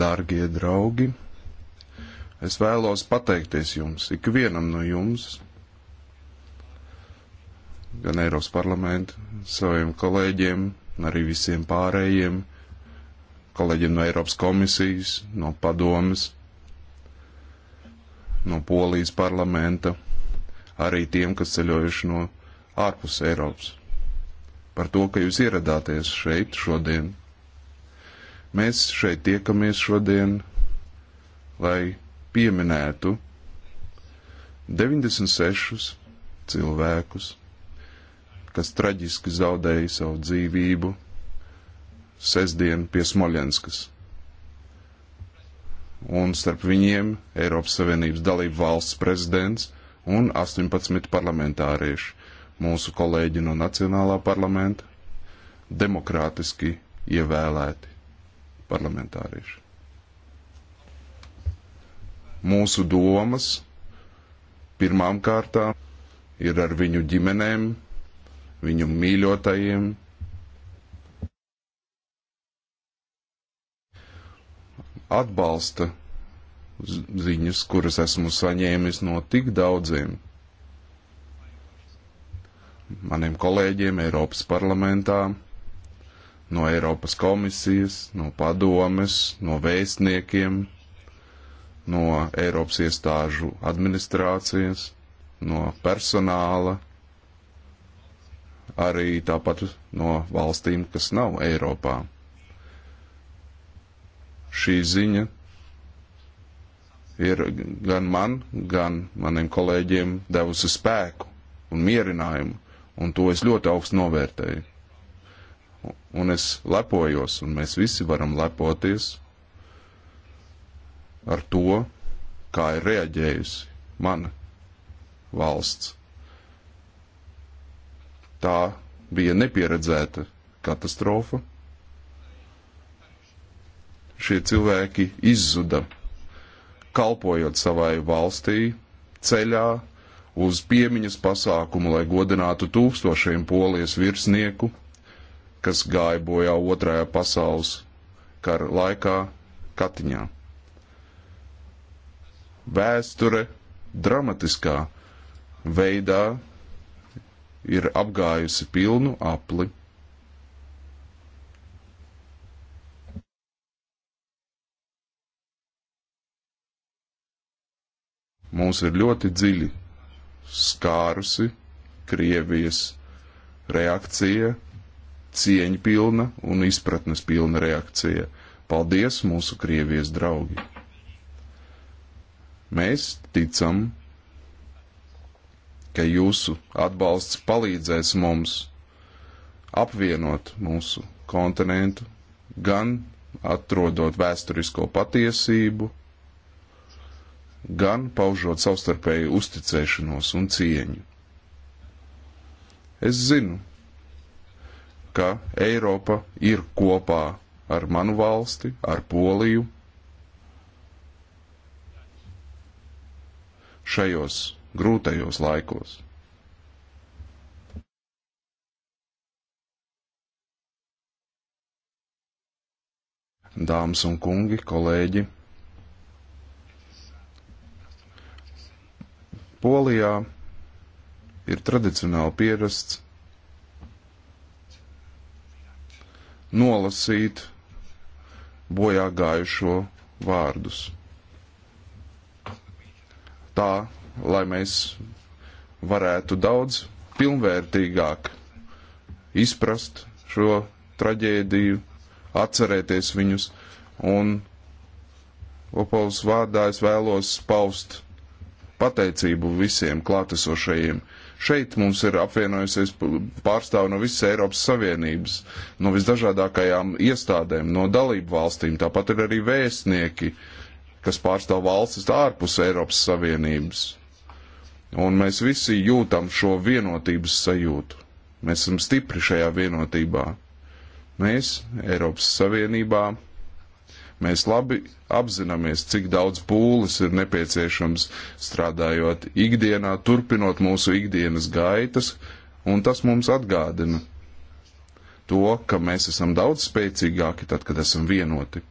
Dārgie draugi, es vēlos pateikties jums, ikvienam no jums, gan Eiropas parlamentu, saviem kolēģiem, arī visiem pārējiem, kolēģiem no Eiropas komisijas, no padomes, no Polijas parlamenta, arī tiem, kas ceļojuši no ārpus Eiropas. Par to, ka jūs ieradāties šeit šodien Mēs šeit tiekamies šodien, lai pieminētu 96 cilvēkus, kas traģiski zaudēja savu dzīvību sestdien pie Smoļenskas. Un starp viņiem Eiropas Savienības dalību valsts prezidents un 18 parlamentārieši, mūsu kolēģi no Nacionālā parlamenta, demokrātiski ievēlēti parlamentārieši. Mūsu domas pirmām kārtām ir ar viņu ģimenēm, viņu mīļotajiem. Atbalsta ziņas, kuras esmu saņēmis no tik daudziem maniem kolēģiem Eiropas parlamentā, no Eiropas komisijas, no padomes, no vēstniekiem, no Eiropas iestāžu administrācijas, no personāla, arī tāpat no valstīm, kas nav Eiropā. Šī ziņa ir gan man, gan maniem kolēģiem devusi spēku un mierinājumu, un to es ļoti augstu novērtēju un es lepojos, un mēs visi varam lepoties ar to, kā ir reaģējusi mana valsts. Tā bija nepieredzēta katastrofa. Šie cilvēki izzuda, kalpojot savai valstī, ceļā uz piemiņas pasākumu, lai godinātu tūkstošiem polijas virsnieku, kas gāja bojā otrajā pasaules kara laikā Katiņā. Vēsture dramatiskā veidā ir apgājusi pilnu apli. Mūs ir ļoti dziļi skārusi Krievijas reakcija cieņu pilna un izpratnes pilna reakcija. Paldies, mūsu Krievijas draugi! Mēs ticam, ka jūsu atbalsts palīdzēs mums apvienot mūsu kontinentu, gan atrodot vēsturisko patiesību, gan paužot savstarpēju uzticēšanos un cieņu. Es zinu, ka Eiropa ir kopā ar manu valsti, ar Poliju. Šajos grūtajos laikos. Dāmas un kungi, kolēģi, Polijā ir tradicionāli pierasts nolasīt bojā gājušo vārdus. Tā, lai mēs varētu daudz pilnvērtīgāk izprast šo traģēdiju, atcerēties viņus, un Opols vārdā es vēlos paust pateicību visiem klātesošajiem, uh, Šeit mums ir apvienojusies pārstāvi no visas Eiropas Savienības, no visdažādākajām iestādēm, no dalību valstīm. Tāpat ir arī vēstnieki, kas pārstāv valstis ārpus Eiropas Savienības. Un mēs visi jūtam šo vienotības sajūtu. Mēs esam stipri šajā vienotībā. Mēs Eiropas Savienībā Mēs labi apzināmies, cik daudz pūles ir nepieciešams strādājot ikdienā, turpinot mūsu ikdienas gaitas, un tas mums atgādina to, ka mēs esam daudz spēcīgāki tad, kad esam vienoti.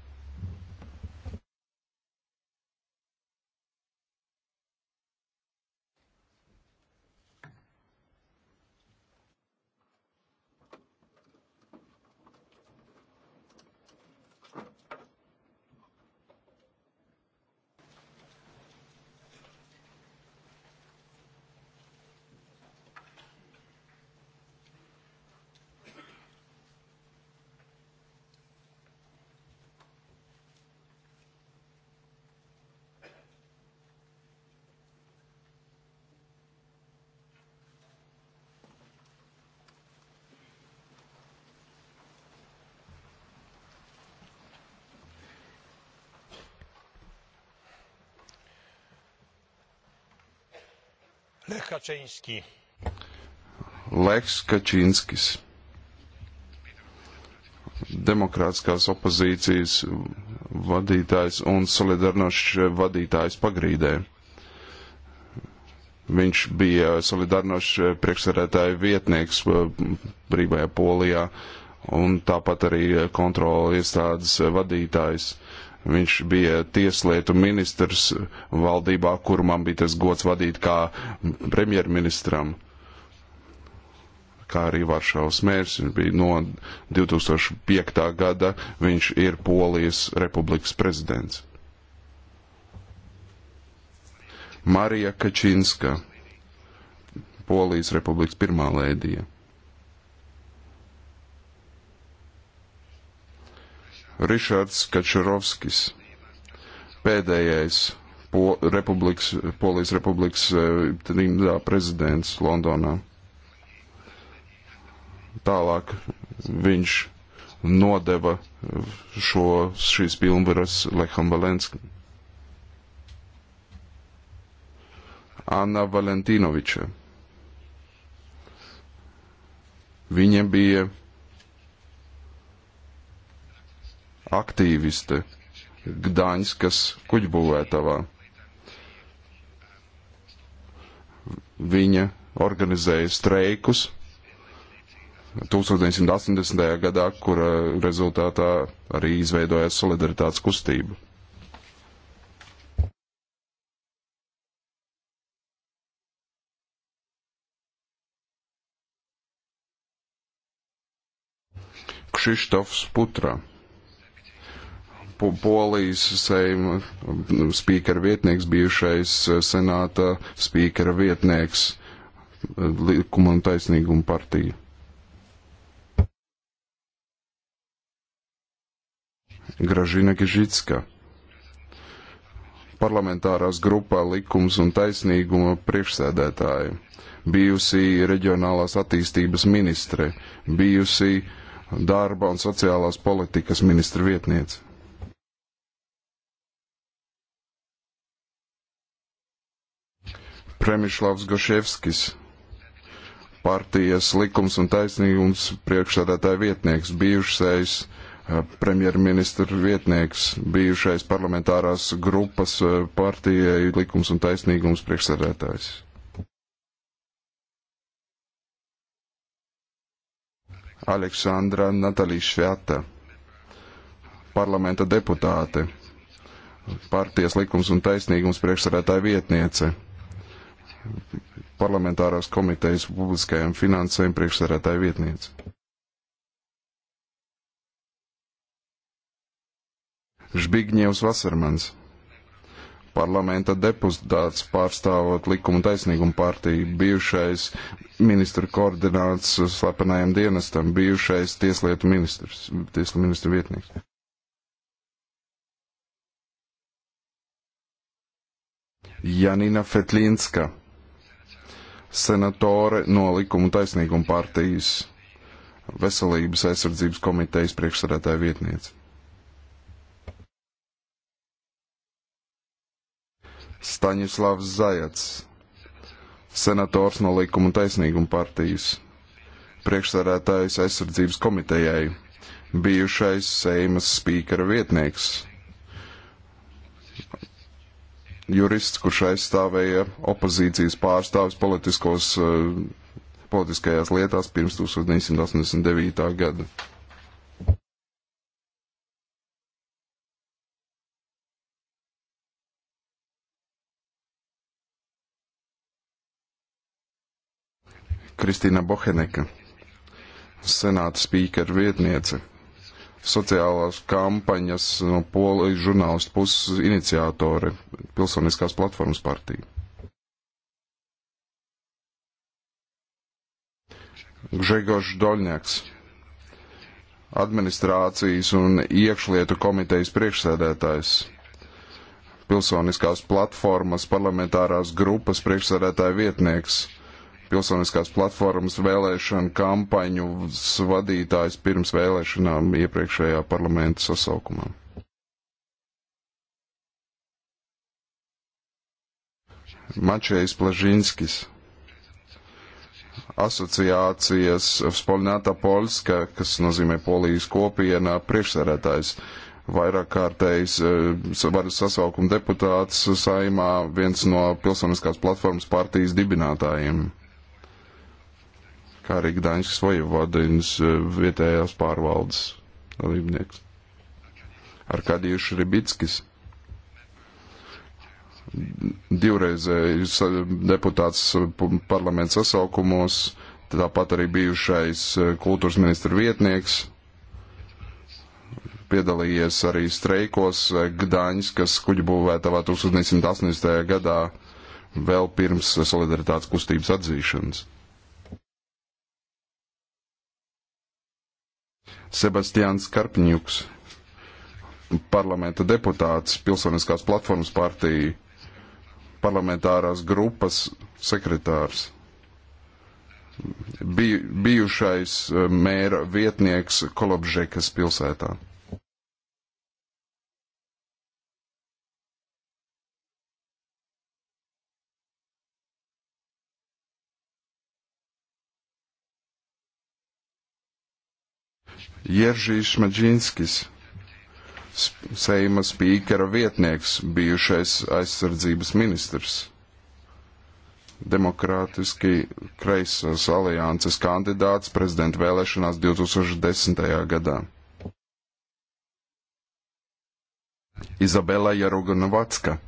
Kaczyński. Leks Kačinskis. Demokrātiskās opozīcijas vadītājs un solidarnošs vadītājs pagrīdē. Viņš bija solidarnošs priekšsarētāja vietnieks uh, brīvajā polijā un tāpat arī kontrola iestādes vadītājs. Viņš bija tieslietu ministrs valdībā, kur man bija tas gods vadīt kā premjerministram, kā arī Varšavas mērs. Viņš bija no 2005. gada, viņš ir Polijas republikas prezidents. Marija Kačinska, Polijas republikas pirmā lēdija. Rišards Kačerovskis, pēdējais po, republikas, Polijas republikas eh, trimdā prezidents Londonā. Tālāk viņš nodeva šo, šīs pilnvaras Leham Valenskam. Anna Valentinoviča. Viņa bija aktīviste Gdaņskas kuģbūvētavā. Viņa organizēja streikus 1980. gadā, kura rezultātā arī izveidojās solidaritātes kustība. Krzysztof Sputra Polijas seima mm, spīkera vietnieks, bijušais eh, senāta spīkera vietnieks eh, likuma un taisnīguma partija. Gražina Kižitska. Parlamentārās grupā likums un taisnīguma priekšsēdētāja, bijusi reģionālās attīstības ministre, bijusi darba un sociālās politikas ministra vietniece. Premišlavs Gošievskis, partijas likums un taisnīgums priekšsēdētāja vietnieks, bijušais eh, premjerministra vietnieks, bijušais parlamentārās grupas eh, partijai likums un taisnīgums priekšsēdētājs. Aleksandra Natalija Šveta, parlamenta deputāte, partijas likums un taisnīgums priekšsarētāja vietniece parlamentārās komitejas publiskajiem finansēm priekšsarētāja vietniece. Žbigņevs Vasarmans, parlamenta deputāts pārstāvot likuma taisnīgumu partiju, bijušais ministra koordināts slepenajam dienestam, bijušais tieslietu ministrs, tieslietu ministra vietnieks. Janina Fetlinska senatore no Likuma taisnīguma partijas veselības aizsardzības komitejas priekšsarētāja vietniece. Staņislavs Zajats, senators no Likuma taisnīguma partijas, priekšsarētājs aizsardzības komitejai, bijušais Seimas spīkara vietnieks, jurists, kurš aizstāvēja opozīcijas pārstāvis politiskos, eh, politiskajās lietās pirms 1989. gada. Kristīna Boheneka, senāta spīkera vietniece, sociālās kampaņas no polijas žurnālistu puses iniciatori Pilsoniskās platformas partija. Gžegošs Doļņaks, administrācijas un iekšlietu komitejas priekšsēdētājs, Pilsoniskās platformas parlamentārās grupas priekšsēdētāja vietnieks pilsoniskās platformas vēlēšanu kampaņu vadītājs pirms vēlēšanām iepriekšējā parlamenta sasaukumā. Mačējs Plažinskis, asociācijas Spolnāta Polska, kas nozīmē Polijas kopienā, priekšsēdētājs vairāk kārtējs eh, varas sasaukuma deputāts saimā, viens no pilsoniskās platformas partijas dibinātājiem kā arī Gdaņskas vojevodinas e, vietējās pārvaldes dalībnieks. Arkadijus Šribickis, divreizējs deputāts parlaments sasaukumos, tāpat arī bijušais e, kultūras ministra vietnieks, piedalījies arī streikos e, Gdaņskas kuģibūvētavā 1980. gadā, vēl pirms solidaritātes kustības atzīšanas. Sebastians Karpņuks, parlamenta deputāts, Pilsoniskās platformas partija, parlamentārās grupas sekretārs, biju, bijušais eh, mēra vietnieks Kolobžekas pilsētā. Jeržīs Maģinskis, Seima spīkera vietnieks, bijušais aizsardzības ministrs. Demokrātiski kreisās alianses kandidāts prezidenta vēlēšanās 2010. gadā. Izabela Jaruganovacka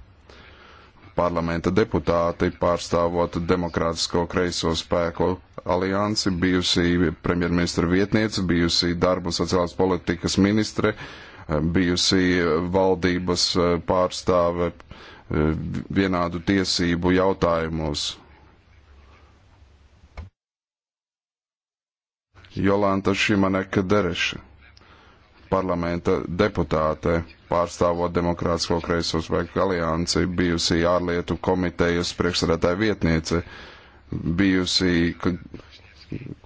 parlamenta deputāti, pārstāvot demokrātisko kreiso spēku aliansi, bijusī premjerministra vietniece, bijusī darba sociālās politikas ministre, bijusī valdības pārstāve vienādu tiesību jautājumos. Jolanta Šimaneka Dereša parlamenta deputāte, pārstāvot Demokrātisko kreiso spēku aliansi, bijusi ārlietu komitejas priekšsēdētāja vietniece, bijusi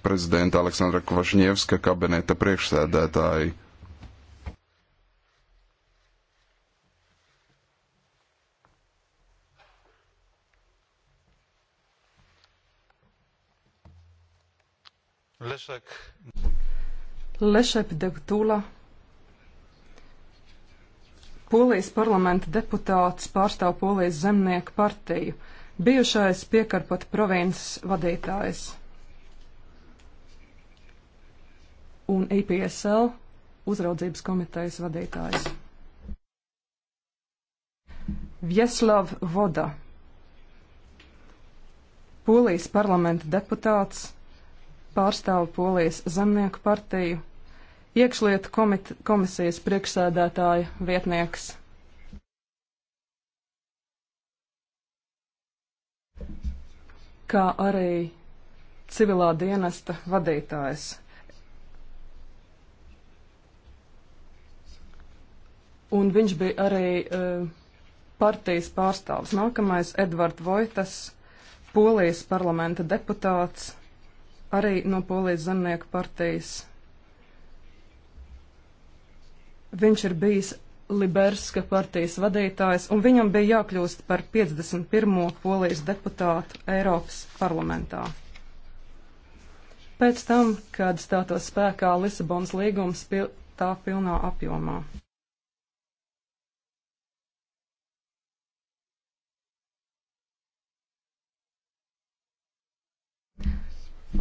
prezidenta Aleksandra Kvašņevska kabineta priekšsēdētāja. Leszek. Leszek Dektula Polijas parlamenta deputāts pārstāv Polijas zemnieku partiju, bijušais piekarpat provinces vadītājs. Un IPSL uzraudzības komitejas vadītājs. Vjeslav Voda, Polijas parlamenta deputāts, pārstāv Polijas zemnieku partiju, iekšlietu komisijas priekšsēdētāja vietnieks. Kā arī civilā dienesta vadītājs. Un viņš bija arī uh, partijas pārstāvs. Nākamais Edvards Voitas, Polijas parlamenta deputāts, arī no Polijas zemnieku partijas. Viņš ir bijis Liberska partijas vadītājs, un viņam bija jākļūst par 51. polijas deputātu Eiropas parlamentā. Pēc tam, kad stātos spēkā Lisabonas līgums pil tā pilnā apjomā.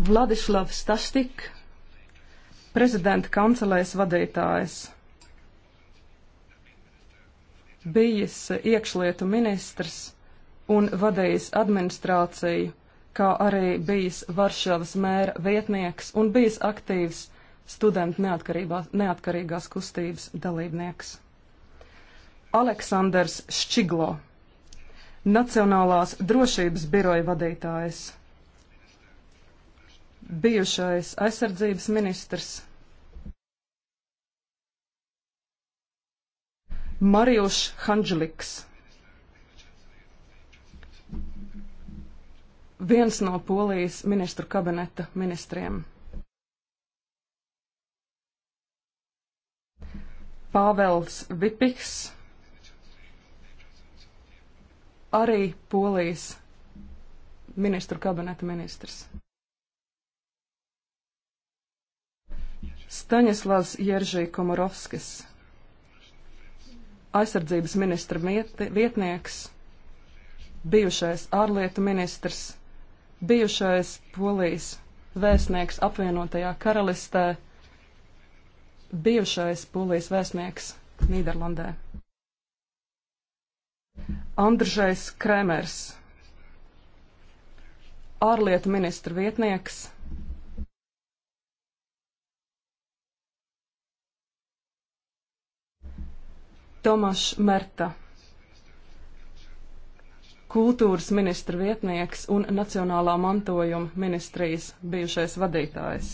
Vladislavs Stastik, prezidenta kancelēs vadītājs bijis iekšlietu ministrs un vadījis administrāciju, kā arī bijis Varšavas mēra vietnieks un bijis aktīvs studentu neatkarīgās kustības dalībnieks. Aleksandrs Ščiglo, Nacionālās drošības biroja vadītājs, bijušais aizsardzības ministrs Marijuš Hanželiks. Viens no polijas ministru kabineta ministriem. Pāvels Vipiks, arī polijas ministru kabineta ministrs. Staņislavs Jeržī Komorovskis aizsardzības ministra vietnieks, bijušais ārlietu ministrs, bijušais polijas vēstnieks apvienotajā karalistē, bijušais polijas vēstnieks Nīderlandē. Andržais Kremers, ārlietu ministra vietnieks, Tomašs Merta, kultūras ministra vietnieks un Nacionālā mantojuma ministrijas bijušais vadītājs.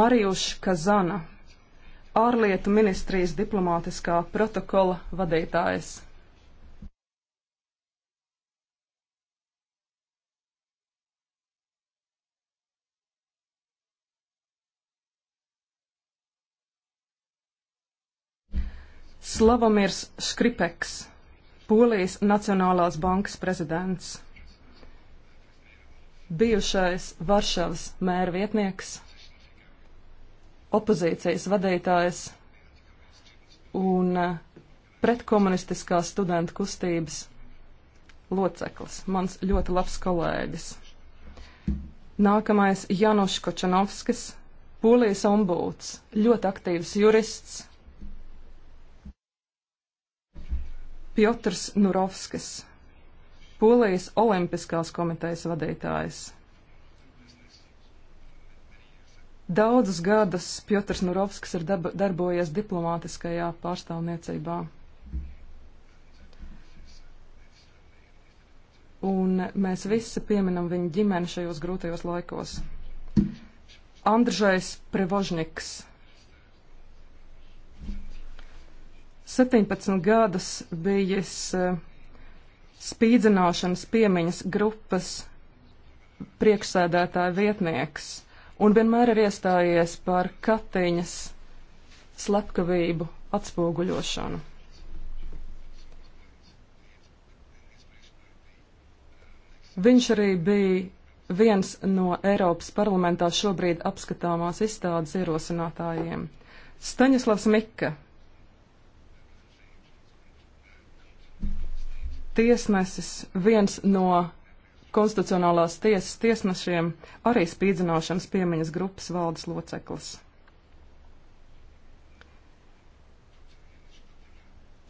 Marijuš Kazana, ārlietu ministrijas diplomātiskā protokola vadītājs. Slavomirs Škripeks, Polijas Nacionālās bankas prezidents, bijušais Varšavas mēra vietnieks, opozīcijas vadītājs un eh, pretkomunistiskās studentu kustības loceklis, mans ļoti labs kolēģis. Nākamais Janušs Kočanovskis, polijas ombūds, ļoti aktīvs jurists, Piotrs Nurovskis, Polijas Olimpiskās komitejas vadītājs. Daudzus gadus Piotrs Nurovskis ir darbojies diplomātiskajā pārstāvniecībā. Un mēs visi pieminam viņu ģimeni šajos grūtajos laikos. Andržais Prevožniks 17 gadus bijis eh, spīdzināšanas piemiņas grupas priekšsēdētāja vietnieks un vienmēr ir iestājies par Katiņas slepkavību atspoguļošanu. Viņš arī bija viens no Eiropas parlamentā šobrīd apskatāmās izstādes ierosinātājiem. Staņislavs Mika, tiesnesis, viens no konstitucionālās tiesas tiesnešiem, arī spīdzināšanas piemiņas grupas valdes loceklis.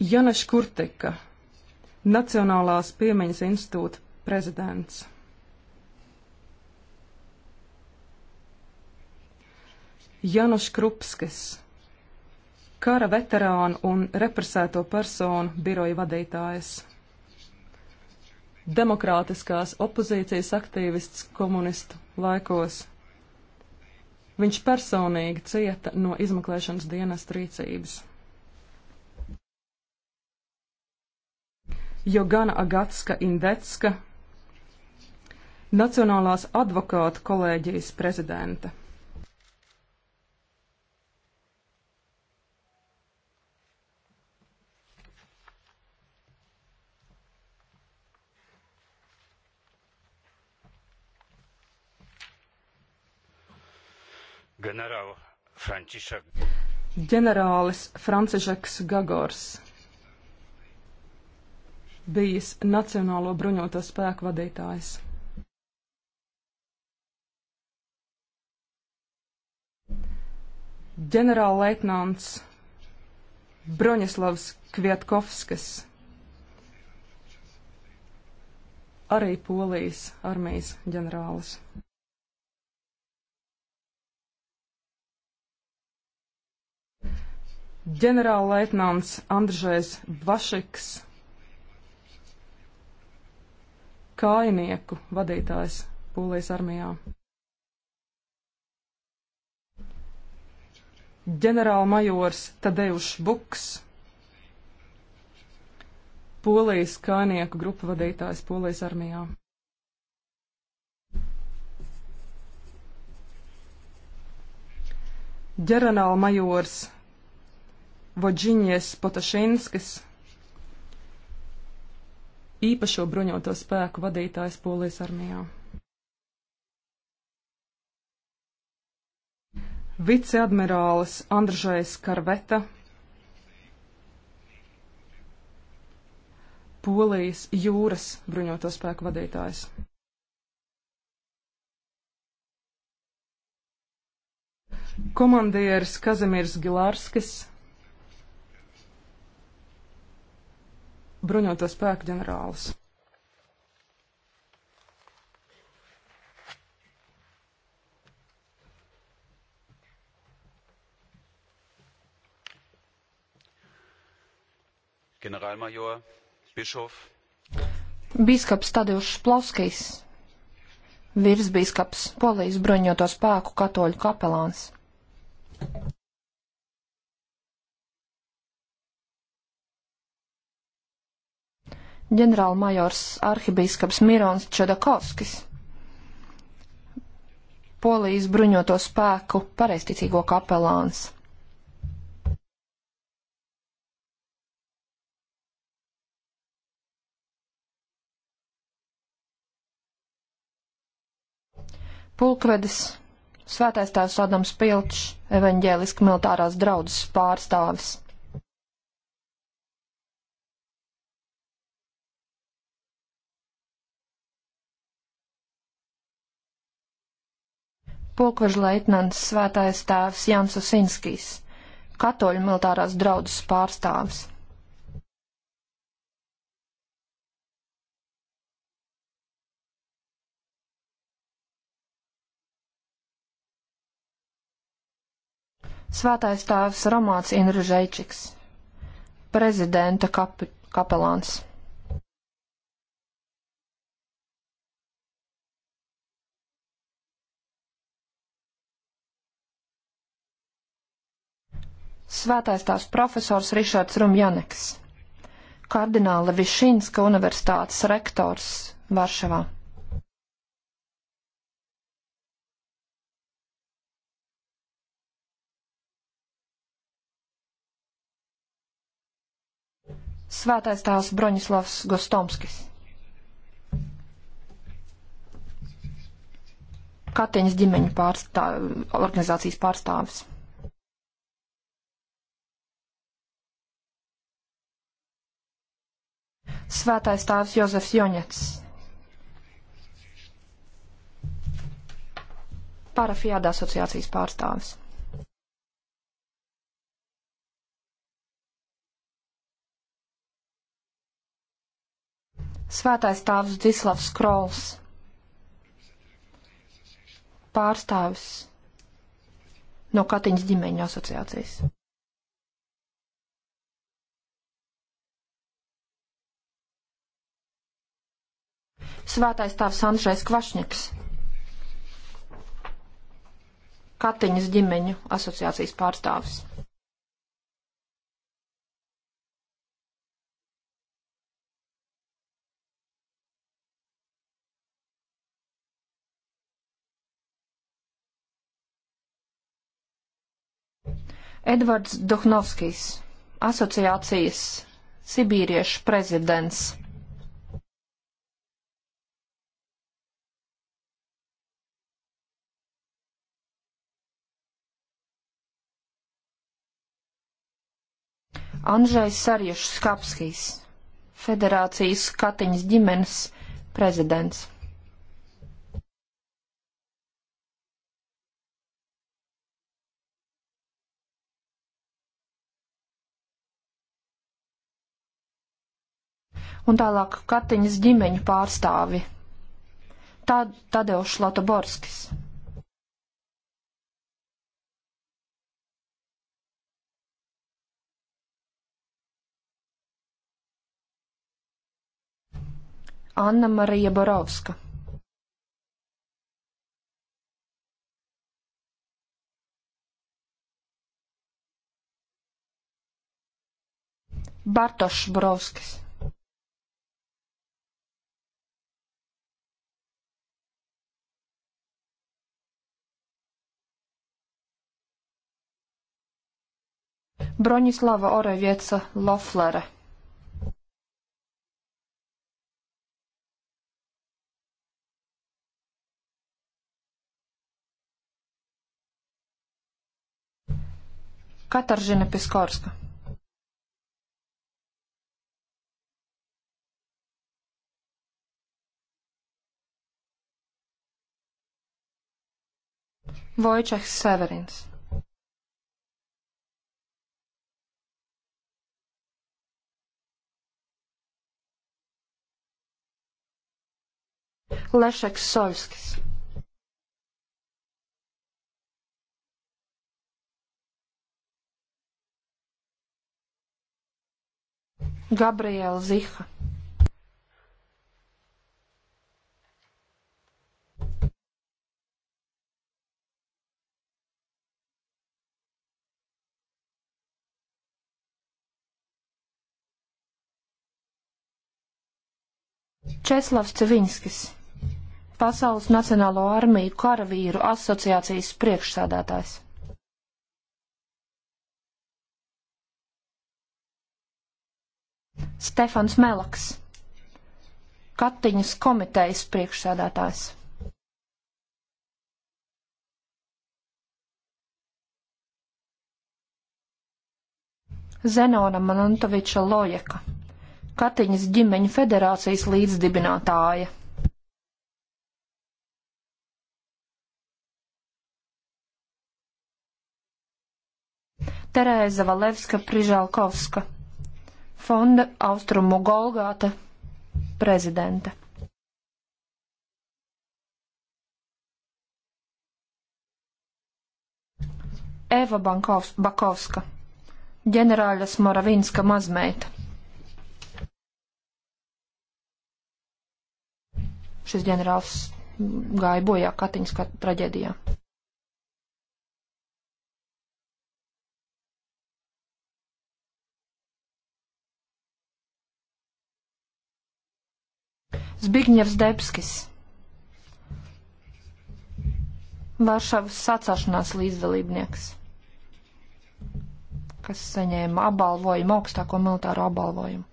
Janeš Kurtika, Nacionālās piemiņas institūta prezidents. Janus Krupskis, kara veterānu un represēto personu biroja vadītājs demokrātiskās opozīcijas aktīvists komunistu laikos. Viņš personīgi cieta no izmeklēšanas dienas rīcības. Jogana Agatska Indecka, Nacionālās advokātu kolēģijas prezidenta. generał Franciszek. Ģenerālis Francišeks Gagors bijis Nacionālo bruņoto spēku vadītājs. Ģenerālleitnants Broņislavs Kvietkovskis, arī Polijas armijas ģenerālis. ģenerālleitnants Andržējs Vašiks, kājnieku vadītājs Polijas armijā. ģenerālmajors Tadeušs Buks, Polijas kājnieku grupu vadītājs Polijas armijā. ģenerālmajors Voģiņies Potašinskis, īpašo bruņoto spēku vadītājs Polijas armijā. Viceadmirālis Andržais Karveta, Polijas jūras bruņoto spēku vadītājs. Komandieris Kazimirs Gilārskis, bruņoto spēku ģenerālis. Generālmajor Bišov. Bīskaps Tadeušs Plauskijs, virsbīskaps, polijas bruņoto spēku katoļu kapelāns. ģenerālmajors arhibīskaps Mirons Čedakovskis, Polijas bruņoto spēku pareisticīgo kapelāns. Pulkvedis, svētais tās Adams Pilčs, evaņģēliski militārās draudzes pārstāvis. Pokoža leitnants svētais tēvs Jans Usinskis, katoļu militārās draudzes pārstāvis. Svētais tēvs Romāts Inružeičiks, prezidenta kap kapelāns. svētais tās profesors Rišards Rumjaneks, kardināla Višinska universitātes rektors Varšavā. Svētais tās Broņislavs Gostomskis. Katiņas ģimeņu pārstā, organizācijas pārstāvis. svētais tēvs Jozefs Joņets. Parafiāda asociācijas pārstāvis. Svētais tēvs Dislavs Krols. Pārstāvis no Katiņas ģimeņa asociācijas. svētais tāvs Andrzejs Kvašņiks, Katiņas ģimeņu asociācijas pārstāvis. Edvards Dohnovskis, asociācijas Sibīriešu prezidents. Andrzejs Sarješs Skapskijs, Federācijas Katiņas ģimenes prezidents. Un tālāk Katiņas ģimeņu pārstāvi Tad, Tadeuš Latoborskis. Anna Marija Borovska. Bartošs Borovskis. Broņislava Orevietsa Loflere. Kataržina Piskorska. Vojčehs Severins. Lešeks Solskis. Gabriela Ziha. Česlavs Cevinskis, Pasaules Nacionālo armiju karavīru asociācijas priekšsādātājs. Stefans Melaks, Katiņas komitejas priekšsēdētājs. Zenona Manantoviča Lojeka, Katiņas ģimeņu federācijas līdzdibinātāja. Terēza Valevska Prižalkovska fonda Austrumu Golgāta prezidente. Eva Bankovs, Bakovska, ģenerāļas Moravinska mazmeita. Šis ģenerālis gāja bojā Katiņas traģēdijā. Zbigņevs Debskis. Varšavas sacāšanās līdzdalībnieks, kas saņēma apbalvojumu, augstāko militāro apbalvojumu.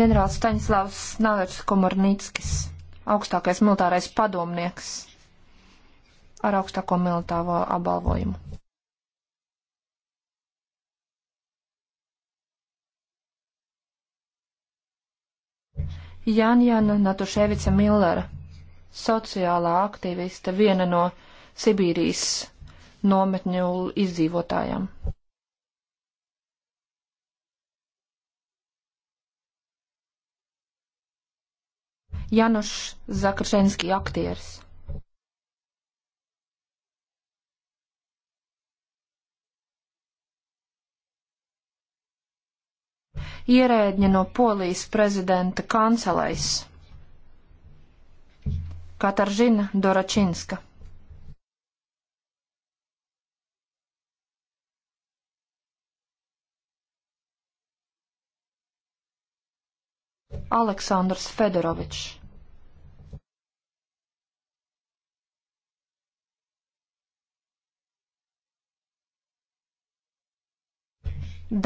ģenerālis Staņslavs Navers Komornīckis, augstākais militārais padomnieks ar augstāko militāro apbalvojumu. Janjana Natuševica Millera, sociālā aktīvista, viena no Sibīrijas nometņu izdzīvotājām. Janušs Zakaršenski aktieris. ierēģi no Polijas prezidenta kancelēs Kataržina Doračinska. Aleksandrs Fedorovičs.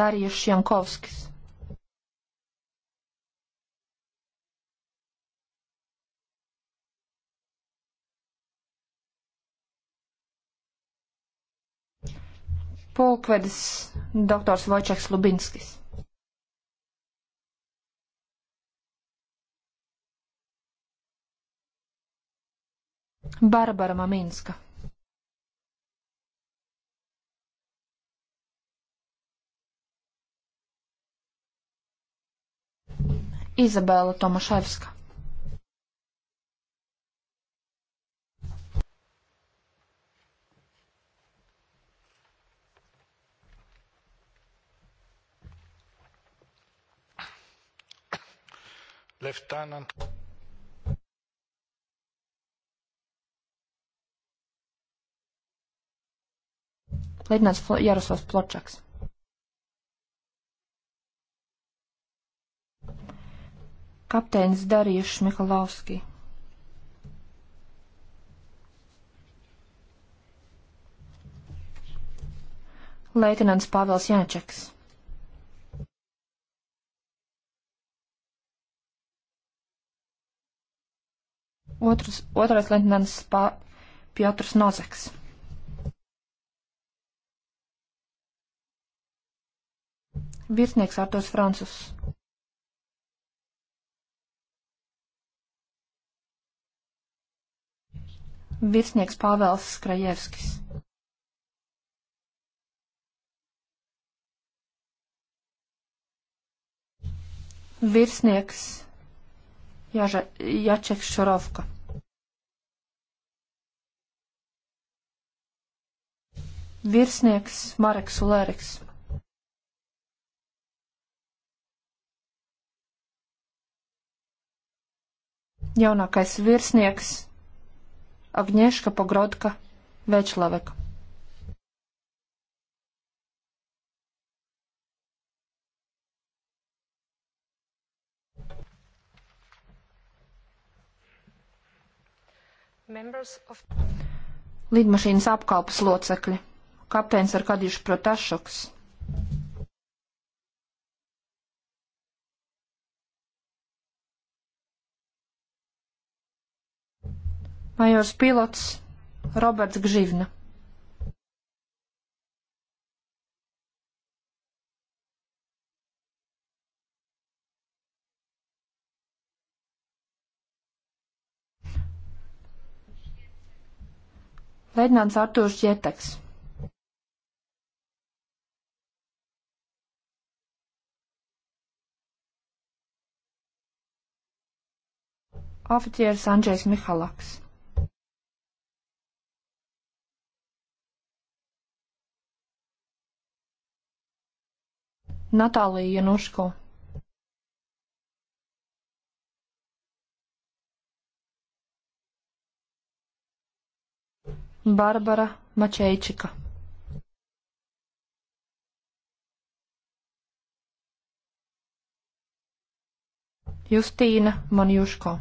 Darījus Jankovskis. pulkvedis doktors Vojčeks Lubinskis. Barbara Maminska. Izabela Tomaševska. Lieutenant Leģināts Jaroslavs Pločaks. Kapteinis Darījušs Mikalovski. Leitinants Pāvils Jančeks. otrs, otrais lentnēns Piotrs Nozeks. Virsnieks Artos Francus. Virsnieks Pāvēls Skrajevskis. Virsnieks Jačeks Šorovka. virsnieks Mareks Ulēriks. Jaunākais virsnieks Agnieszka Pogrodka Večlaveka. Lidmašīnas apkalpes locekļi kapteinis ar kādīšu protašoks. Majors pilots Roberts Gživna. Leidnants Artūrs Ķeteks. ofiķieris Andžejs Mihalaks. Natālija Januško. Barbara Mačejčika. Justīna Manjuško.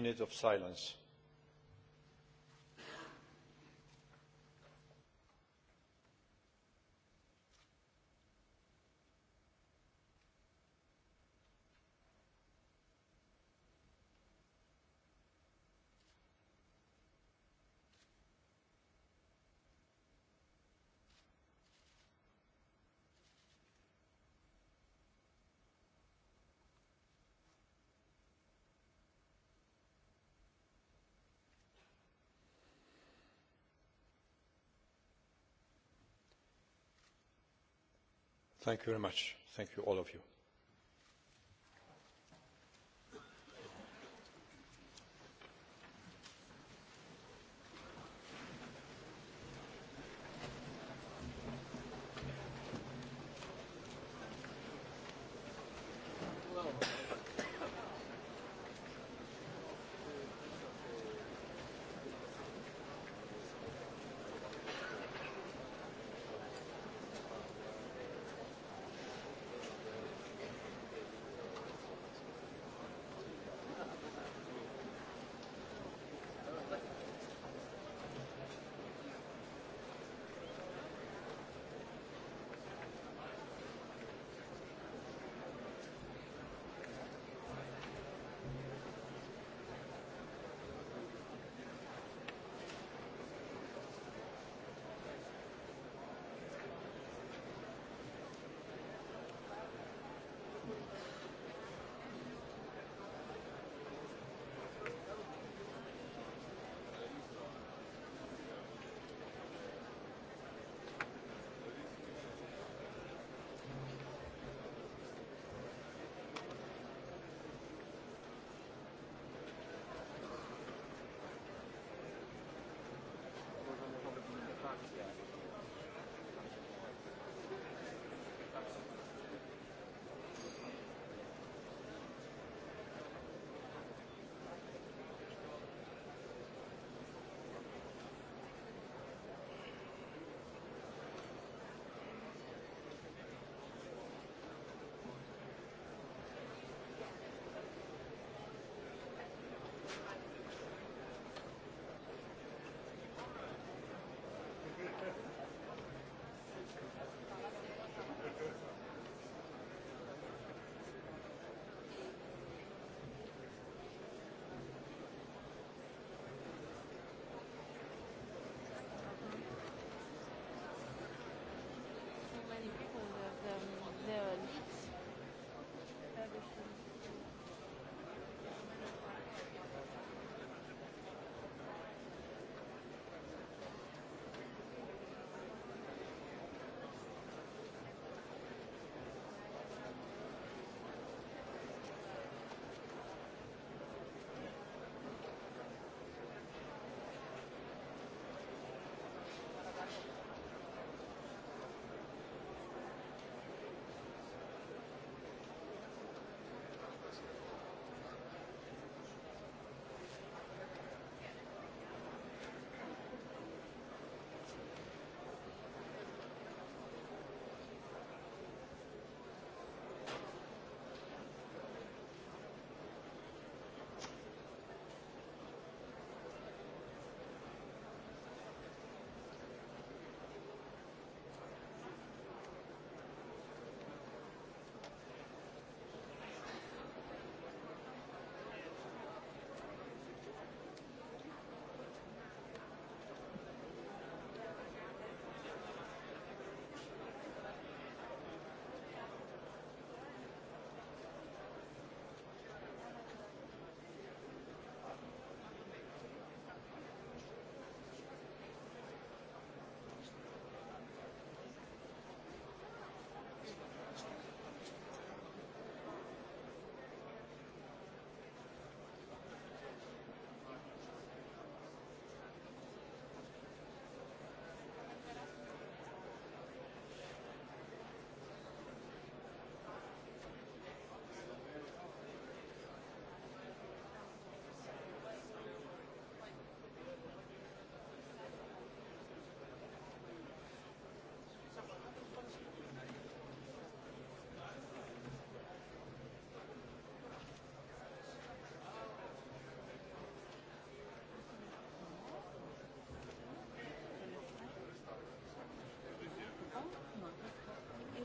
minute of silence. Thank you very much. Thank you, all of you.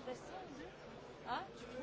façon. Hein